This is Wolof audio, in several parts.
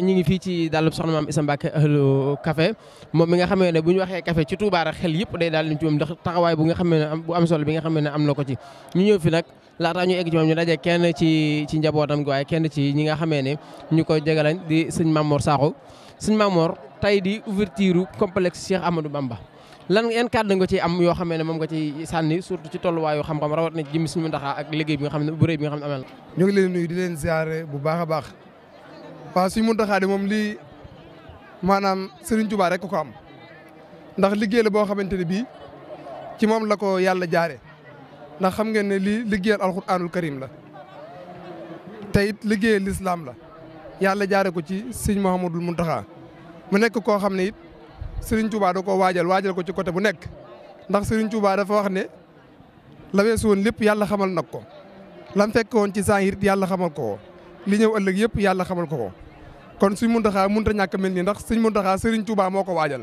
ñu ngi fii ci dàllub nga xamee ne bu ñu waxee café ci Touba rek xel yëpp day daal di ci moom ndax taxawaay bu nga xam ne bu na ko ci ñu ñëw fi nag laataa ñu ñi nga xamee ne ñu ko jege di sëñ Mamor Sakho sëñ Mamor tey di ouverture complexe Cheikh Amadou Bamba lan yan am yoo xam ne moom nga ci sànni surtout ci tolluwaayu xam-xam rawat na jëm suñu ndax ak liggéey bi nga xam ne bu rëy bi nga xam ne amal ñu ngi leen nuyu di leen ziare bu baax a baax waaw suñu muntaxaa de moom lii maanaam Serigne Touba rek ko am ndax liggéey la boo xamante ne bii ci moom la ko yàlla jaare ndax xam ngeen ne lii liggéeyal alxuraanul karim la te it liggéeyal lislaam la yàlla jaare ko ci sëñ Mouhamadul Muntaxaa mu nekk koo xam ne it Serigne Touba da ko waajal waajal ko ci côté bu nekk ndax Serigne Touba dafa wax ne la weesu woon lépp yàlla xamal nag ko lan fekk woon ci saa yàlla xamal ko ko li ñëw ëllëg yëpp yàlla xamal ko. kon suñ mun ta ñàkk mel nii ndax suñ muntaxaa Serigne Touba moo ko waajal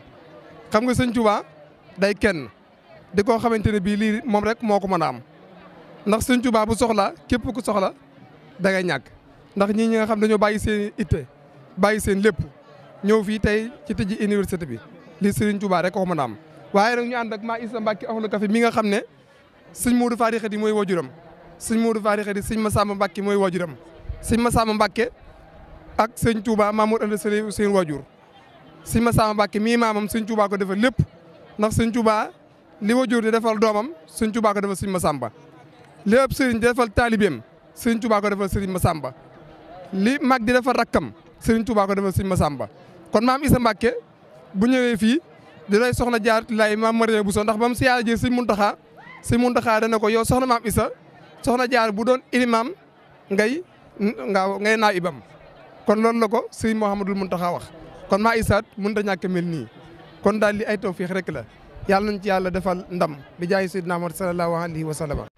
xam nga sëñ Touba day kenn di koo xamante ne bii lii moom rek moo ko mën a am ndax sëñ Touba bu soxlaa képp ko soxla da ngay ñàkk ndax ñii ñi nga xam ne dañoo bàyyi seen itte bàyyi seen lépp ñëw fii tey ci tëjji université bi lii Serigne Touba rek ko mën a am waaye rek ñu ànd ak maa mbakke Mbacke Ahlou Café mi nga xam ne sëñ Modou Fari Khady mooy wajuram sëñ Modou Fari Khady sëñ Massamba Mbacke mooy wajuram sëñ Massamba Mbacke ak sëñ Touba Mamour Anta Sali seen wajur sëñ Massamba Mbacke mii maamam sëñ Touba ko defal lépp ndax sëñ Touba li wajur di defal doomam sëñ Touba ko defal sëñ ma lépp sëriñ di defal taalibeem sëñ Touba ko defal sëriñ Massamba li mag di defal rakkam sëriñ Touba ko defal sëñ Massamba kon maam Issa Mbacke bu ñëwee fii di lay soxna jaar lay maam bu Bousso ndax ba mu siyaare jël sëñ Muntaxa sëñ Muntaxa dana ko yow soxna maam Issa soxna jaar bu doon ilimam ngay nga ngay naa ibam kon loolu la ko sëñ mun Mountakha wax kon maa isaat mënut a ñàkk nii kon daal li ay tawfiix rek la yàlla nañ ci yàlla defal ndam bi jaay sayyidina Muhammad sallallahu alayhi wa sallam